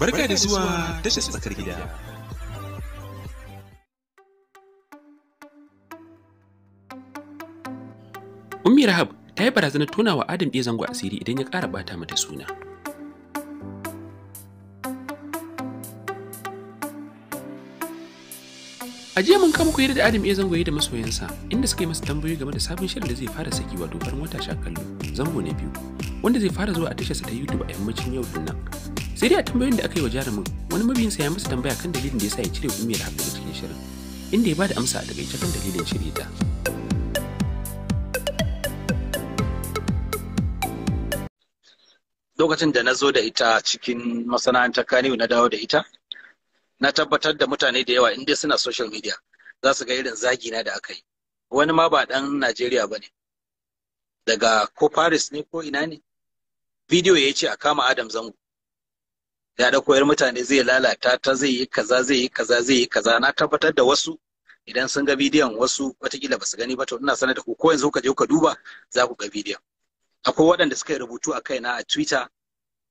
Barka da zuwa tashar tsakar gida. Ummi Rahab ta yi barazanar tona wa Adam iya zango asiri idan ya ƙara ɓata mata suna. A jiya mun kama koyar da Adam iya zango da masoyansa inda suka yi masa tambayoyi game da sabon shirin da zai fara saki wato farin wata sha zango na biyu wanda zai fara zuwa a sa ta YouTube a yammacin yau dinnan sai dai a tambayoyin da aka yi wa jarumin wani sa ya masa tambaya kan dalilin da ya sa ya cire umiyar hafi daga cikin shirin inda ya bada amsa a takaice kan dalilin shirye ta. lokacin da na zo da ita cikin masana'antar kaniyu na dawo da ita na tabbatar da mutane da yawa inda suna social media za su ga irin zagi na da aka yi wani ma ba dan najeriya ba ne daga ko paris ne ko ina ne bidiyo ya ce a kama adam zango ya da koyar mutane zai lalata ta zai yi kaza zai yi kaza zai yi kaza na tabbatar da wasu idan sun ga bidiyon wasu watakila ba su gani ba to ina sanar da ku ko yanzu ka je ka duba za ku ga bidiyon akwai waɗanda suka yi rubutu a kaina a twitter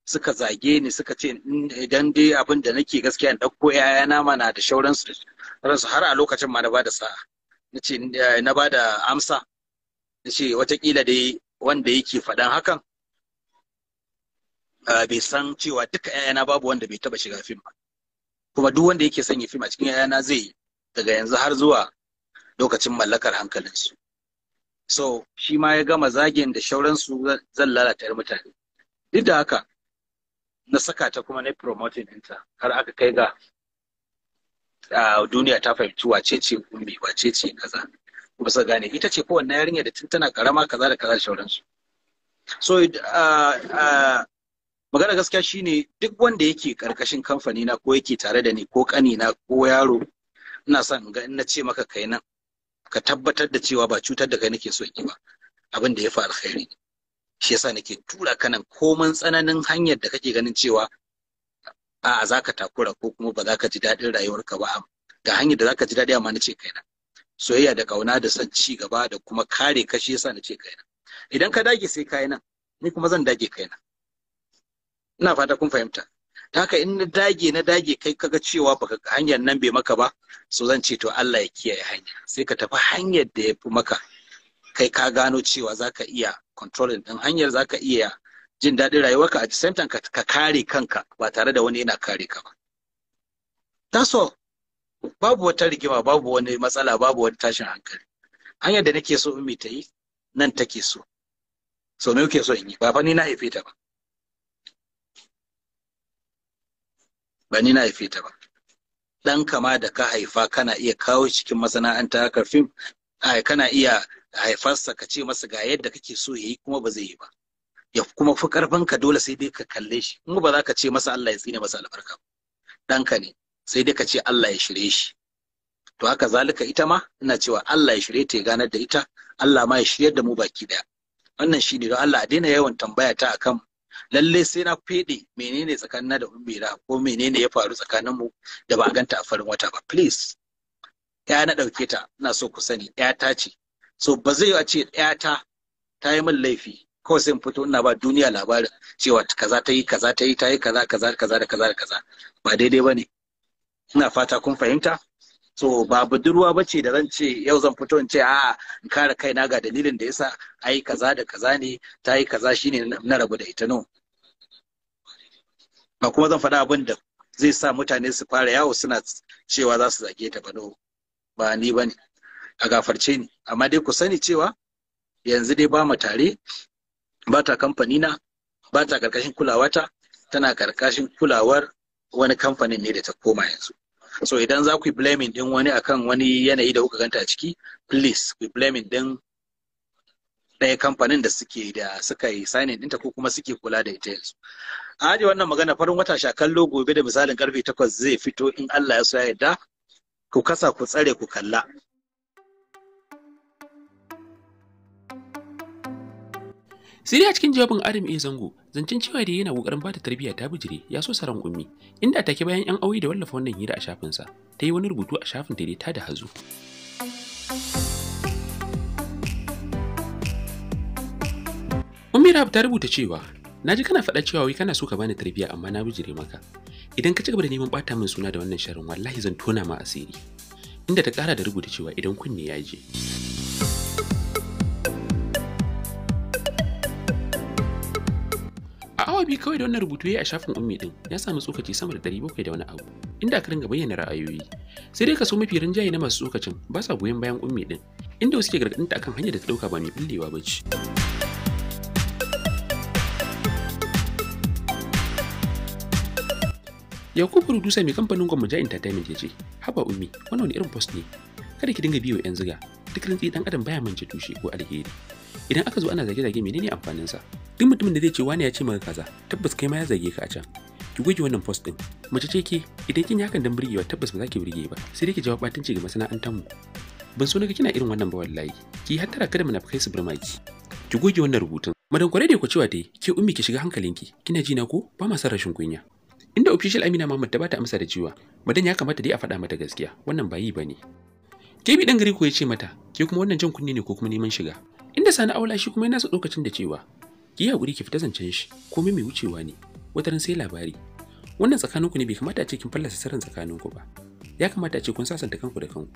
suka zage ni suka ce mm, idan dai abin da nake gaskiya na ɗauko ‘ya'yana mana da shauransu ransu har a lokacin ma na bada sa'a na eh, na bada amsa na ce watakila dai wanda yake faɗan hakan Ah, bai san cewa duka 'ya'yana babu wanda bai taba shiga fim ba kuma duk wanda yake sanya fim a cikin 'ya'yana zai daga yanzu har zuwa lokacin mallakar hankalinsu so shi ma ya gama zagin da shauransu zan lalata 'yar mutane duk da haka na saka ta kuma na promoting ɗinta har aka kai ga ah, duniya ta fahimci wace ce gumbi wace ce kaza ba sa gane ita ce kowanne yarinya da tun tana karama kaza da kaza da shauransu so ah, magana gaskiya shine duk wanda yake karkashin kamfani na ko yake tare da ni ko kani na ko yaro ina son ga in na ce maka kai nan ka tabbatar da cewa ba cutar da kai nake so ki ba abin da ya fi alkhairi shi yasa nake tura ka nan koman tsananin hanyar da kake ganin cewa a za ka takura ko kuma ba za ka ji daɗin rayuwarka ba ga hanyar da za ka ji daɗi amma na ce kai nan. soyayya da kauna da son ci gaba da kuma kare ka shi yasa na ce kai nan. idan ka dage sai kai nan ni kuma zan dage kai nan. ina fata kun fahimta haka in na dage na dage kai kaga cewa baka hanyar nan bai maka ba so zan ce to Allah ya kiyaye hanya sai ka tafi hanyar da ya fi maka kai ka gano cewa zaka iya controlling din hanyar zaka iya jin daɗin rayuwarka a same time ka kare kanka ba tare da wani yana kare ka ba taso babu wata rigima babu wani matsala babu wani tashin hankali hanyar da nake so in ta yi nan take so so me kuke so in yi ba fa ni na haife ta ba ba ni na haife ta ba dan kama da ka haifa kana iya kawo cikin masana'anta haka fim kana iya haifarsa ka ce masa ga yadda kake so yayi kuma ba zai yi ba ya kuma fi karfin ka dole sai dai ka kalle shi kuma ba za ka ce masa Allah ya tsine masa albarka ba. Dan ka ne sai dai ka ce Allah ya shirye shi to haka zalika ita ma ina cewa Allah ya shirye ta ya ganar da ita Allah ma ya shiryar da mu baki daya wannan shi ne don Allah a daina yawan tambaya ta akan Lallai sai na fede menene tsakanina da umbira ko menene ya faru tsakanin mu da ba ganta a farin wata ba please ya na dauke ta ina so ku sani ya ta ce so ba zai a ce ya ta ta yi min laifi ko sai fito ina ba duniya labarin cewa kaza ta yi kaza ta yi ta yi kaza kaza kaza kaza kaza ba daidai bane ina fata kun fahimta so ba budurwa ba ce da zan ce yau zan fito in ce a in kare kai na ga dalilin da yasa ai kaza da kaza ne ta yi kaza shine na rabu da ita no ba kuma zan faɗa abin da zai sa mutane su fara yawo suna cewa za su zage ta ba no ba ni ba ne a gafarce ni amma dai ku sani cewa yanzu dai ba mu tare ba ta kamfani na ba ta karkashin kulawata tana karkashin kulawar wani kamfanin ne da ta koma yanzu so idan za ku yi blaming din wani akan wani yanayi da kuka ganta a ciki please ku blaming din ɗaya kamfanin da suke da suka yi signing ɗinta ko kuma suke kula da ita yanzu a ajiye wannan magana farin wata sha kallo, gobe da misalin karfe takwas zai fito in Allah ya so ya yarda ku kasa ku tsare ku kalla sai a cikin jawabin Adam A Zango zancen cewa da yana kokarin bata tarbiyya ta bijire ya so saran ummi inda take bayan yan aure da wallafa wannan hira a shafinsa, ta yi wani rubutu a shafin da ta da hazu Ummi Rahab ta rubuta cewa na ji kana faɗa cewa wai kana so ka bani tarbiyya amma na bijire maka idan ka ci gaba da neman bata min suna da wannan sharin wallahi zan tona ma asiri inda ta ƙara da rubuta cewa idan kunne ya je. awa kawai da wannan rubutu ya a shafin ummi din ya samu tsokaci sama da 700 da wani abu inda aka ringa bayyana ra'ayoyi sai dai kaso mafi rinjaye na masu tsokacin ba sa goyon bayan ummi din inda wasu ke gargadinta akan hanyar da ta dauka ba mai bullewa ba ce. Yakubu Producer mai kamfanin Gwamnati Entertainment ya ce, "Haba ummi, wannan wani irin post ne? Kada ki dinga biyo 'yan ziga, duk rantsi dan adam baya mance tushe ko alheri." idan aka zo ana zage-zage menene amfaninsa duk mutumin da zai ce wani ya ce maka kaza tabbas kai ma ya zage ka a can ki goge wannan post din mace ce ke idan kin yi hakan dan burgewa tabbas ba za ki burge ba sai dai ki jawab batunci ga masana'antar mu ban so naga kina irin wannan ba wallahi ki hattara kada munafikai su burma ki ki goge wannan rubutun madan kware da ku cewa dai ke ummi ki shiga hankalinki kina ji na ko ba ma san rashin kunya inda official Amina Muhammad ta bata amsa da cewa madan ya kamata dai a faɗa mata gaskiya wannan ba yi bane ke dan gari ko ya ce mata ke kuma wannan jan kunni ne ko kuma neman shiga inda sani aula shi kuma yana sa lokacin da cewa ki yi haƙuri ki fita zancen shi komai mai wucewa ne wata sai labari wannan tsakaninku ne bai kamata a ce kin fallasa sirrin tsakaninku ba ya kamata a ce kun sasanta kanku da kanku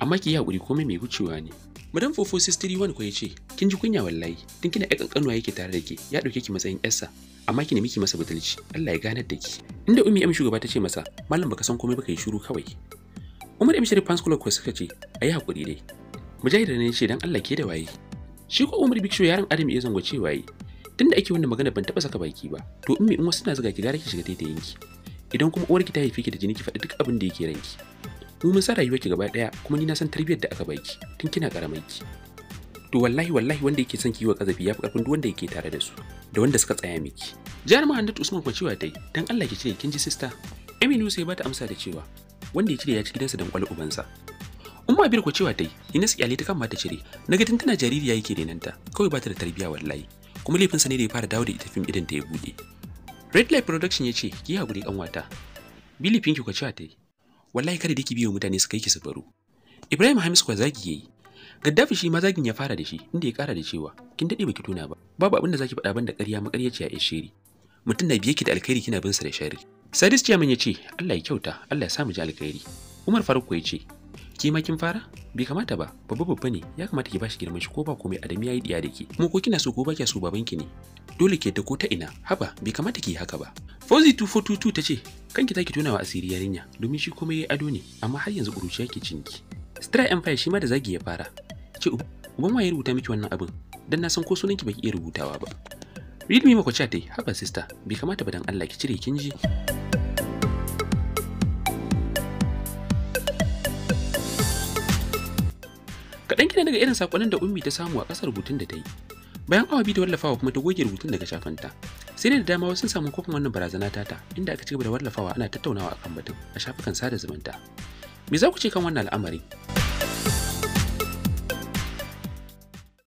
amma ki yi haƙuri komai mai wucewa ne madam fofo one ko yace ce kin ji kunya wallahi tun kina ƴan ƙanƙanuwa yake tare da ke ya ɗauke ki matsayin yarsa amma ki nemi ki masa butulci Allah ya ganar da ki inda ummi am shugaba ta ce masa mallam baka san komai baka yi shiru kawai umar am sharif fans club ko suka ce ayi haƙuri dai mujahid ne ce dan Allah ke da waye shi ko umar biksho yaran adam ya zango cewa yi tunda ake wannan magana ban taba saka baki ba to in mai in wasu na zuga ki gara ki shiga daidai yanki. idan kuma uwarki ta haife ki da jini ki faɗi duk abin da yake ranki mu mun san rayuwar ki gaba daya kuma ni na san tarbiyyar da aka baki tun kina karamin ki to wallahi wallahi wanda yake son ki yi wa kazafi yafi karfin duk wanda yake tare da su da wanda suka tsaya miki jihar muhammadu usman kwa cewa dai dan Allah ki ce kin ji sister aminu sai ba ta amsa da cewa wanda ya cire ya ci gidansa dan kwal ubansa umma bir ku cewa dai ina su kyale ta kan mata cire na ga tana jaririya yake ta kawai ba ta da tarbiya wallahi kuma sa ne da ya fara dawo da ita fim idan ta ya bude red light production ya ce ki haƙuri kanwata billy pinky ku cewa dai wallahi kada dake biyo mutane su kai ki su baro ibrahim hamis kwa zagi yayi gaddafi shi ma zagin ya fara da shi inda ya kara da cewa kin dade baki tuna ba babu abin da zaki faɗa ban da ƙarya maƙaryaci a shiri mutum na biye ki da alkhairi kina bin sa da shari. sadis chairman ya ce Allah ya kyauta Allah ya samu ji alkhairi umar faruk ya ce ki ma kin fara bai kamata ba babba babba ne ya kamata ki bashi girman shi ko ba komai adami yayi diya da ke mu ko kina so ko ba so baban ki ne dole ke ta ko ta ina haba bai kamata ki haka ba fozi 2422 ta ce kanki taki tonawa asiri yarinya domin shi komai yayi ado ne amma har yanzu kuruciya ke cinki Stra Empire shi ma da zagi ya fara u uban waye rubuta miki wannan abin dan na san ko sunan ki baki iya rubutawa ba mako chat dai haba sister bai kamata ba dan Allah ki cire kin ji Kaɗan kina daga irin saƙonin da Ummi ta samu a ƙasar rubutun da ta yi. Bayan awa biyu da wallafawa kuma ta goge rubutun daga shafinta. Sai da dama wasu samu kofin wannan barazana tata inda aka cigaba da wallafawa ana tattaunawa akan batun a shafukan sada zumunta. Me za ku ce kan wannan al'amari?